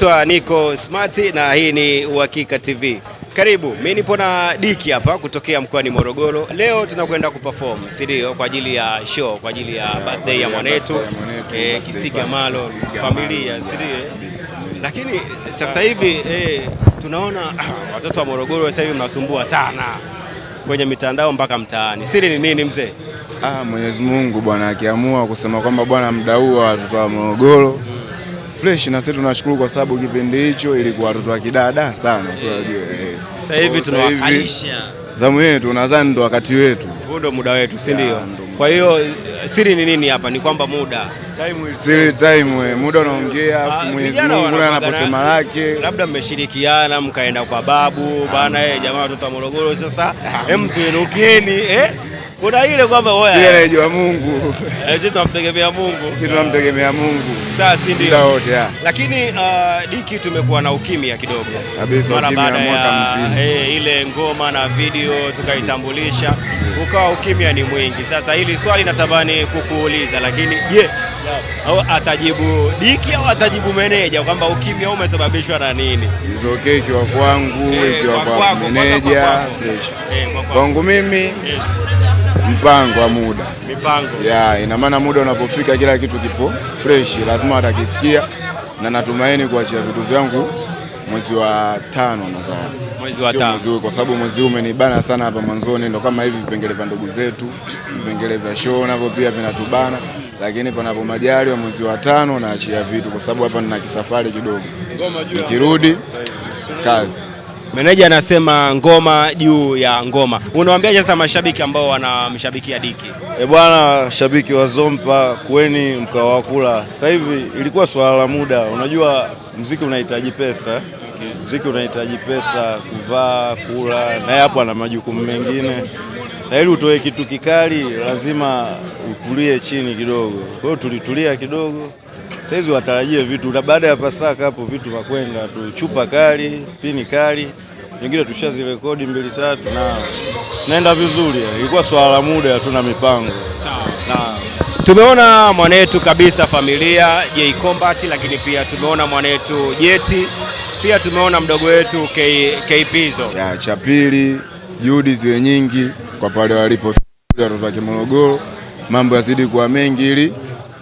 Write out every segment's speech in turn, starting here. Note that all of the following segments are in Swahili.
naitwa Nico Smart na hii ni Uhakika TV. Karibu, mimi nipo na Diki hapa kutokea mkoani Morogoro. Leo tunakwenda kuperform, si ndio? Kwa ajili ya show, kwa ajili ya yeah, birthday ya mwanetu eh, Kisiga Malo familia, si ndio? Lakini sasa hivi eh, tunaona watoto wa Morogoro sasa hivi mnasumbua sana kwenye mitandao mpaka mtaani. Siri ni nini mzee? Ah, Mwenyezi Mungu bwana akiamua kusema kwamba bwana mda wa watoto wa Morogoro mm fresh, na sisi tunashukuru kwa sababu kipindi hicho ilikuwa watoto wa kidada sana. Eh. Sasa hivi tunawakalisha zamu yetu, nadhani ndo wakati wetu, huu ndo muda wetu, si ndio? Kwa hiyo siri ni nini hapa? Ni kwamba muda siri time, eh, muda unaongea, ah, afu Mwenyezi Mungu anaposema lake. Labda mmeshirikiana mkaenda kwa babu bana, eh, jamaa, watoto wa Morogoro sasa, hem ah. tuinukeni eh kuna ile kwamba wewe sisi anajua Mungu eh, sisi tunamtegemea Mungu, sisi tunamtegemea Mungu sasa, si ndio wote. Lakini uh, ah, Diki, tumekuwa na ukimya kidogo kabisa, ukimya baada ya eh, ile ngoma na video tukaitambulisha, ukawa ukimya ni mwingi. Sasa hili swali natamani kukuuliza, lakini je, yeah. Au atajibu Diki au atajibu meneja kwamba ukimya umesababishwa na nini? Hizo okay, kiwa kwangu, e, kwa, kwa, kwa, kwa meneja kwa eh, kwangu mimi eh mpango wa muda mipango ya ina maana muda unapofika kila kitu kipo fresh, lazima watakisikia, na natumaini kuachia vitu vyangu mwezi wa tano nadhani mwezi wa tano, mwezi kwa sababu mwezi huu umenibana sana hapa mwanzoni, ndo kama hivi vipengele vya ndugu zetu, vipengele vya show navyo pia vinatubana, lakini panapo wa mwezi wa tano naachia vitu, kwa sababu hapa nina kisafari kidogo, nikirudi kazi Meneja anasema ngoma juu ya ngoma, Unawaambia sasa mashabiki ambao wanamshabikia Diki? E bwana, shabiki wa Zompa, kweni mkawakula. Sasa hivi ilikuwa swala la muda, unajua mziki unahitaji pesa mziki unahitaji pesa, kuvaa, kula, naye hapo ana majukumu mengine, na ili utoe kitu kikali lazima utulie chini kidogo. Kwa hiyo tulitulia kidogo. Saizi watarajie vitu na baada ya Pasaka hapo vitu vya kwenda tu, chupa kali, pini kali, nyingine tushazirekodi mbili tatu, na naenda vizuri. Ilikuwa swala la muda, hatuna mipango Tumeona mwanetu kabisa familia J Combat, lakini pia tumeona mwanetu Jeti, pia tumeona mdogo wetu K Ya cha pili, juhudi ziwe nyingi kwa pale walipo watoto wa Morogoro, mambo yazidi kuwa mengi ili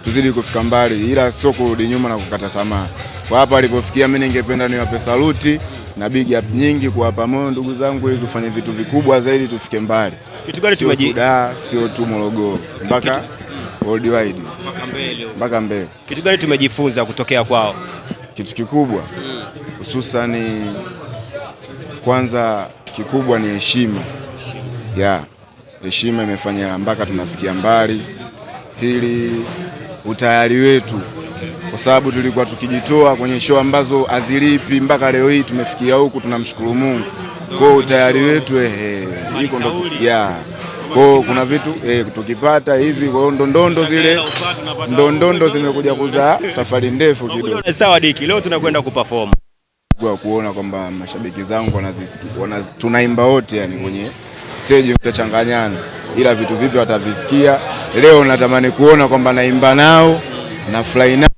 tuzidi kufika mbali, ila sio kurudi nyuma na kukata tamaa. Kwa hapa alipofikia, mimi ningependa niwape saluti na big up nyingi kuwapa moyo ndugu zangu, ili tufanye vitu vikubwa zaidi, tufike mbali. Kitu gani tumeji da sio tu Morogoro mpaka worldwide mpaka mbele. Kitu gani tumejifunza kutokea kwao? Kitu kikubwa hususani, kwanza kikubwa ni heshima ya yeah. Heshima imefanya mpaka tunafikia mbali. Pili utayari wetu, kwa sababu tulikuwa tukijitoa kwenye show ambazo hazilipi mpaka leo hii tumefikia huku, tunamshukuru Mungu kwa utayari wetu ehe, iko ndo ya kwa kuna vitu eh, tukipata hivi kwa ndondondo zile ndondondo zimekuja kuzaa safari ndefu kidogo. Sawa Diki, leo tunakwenda kuperform kwa kuona kwamba mashabiki zangu wanazisikia, tunaimba wote yani kwenye stage, tutachanganyana ila vitu vipi watavisikia leo natamani kuona kwamba naimba nao fly nao.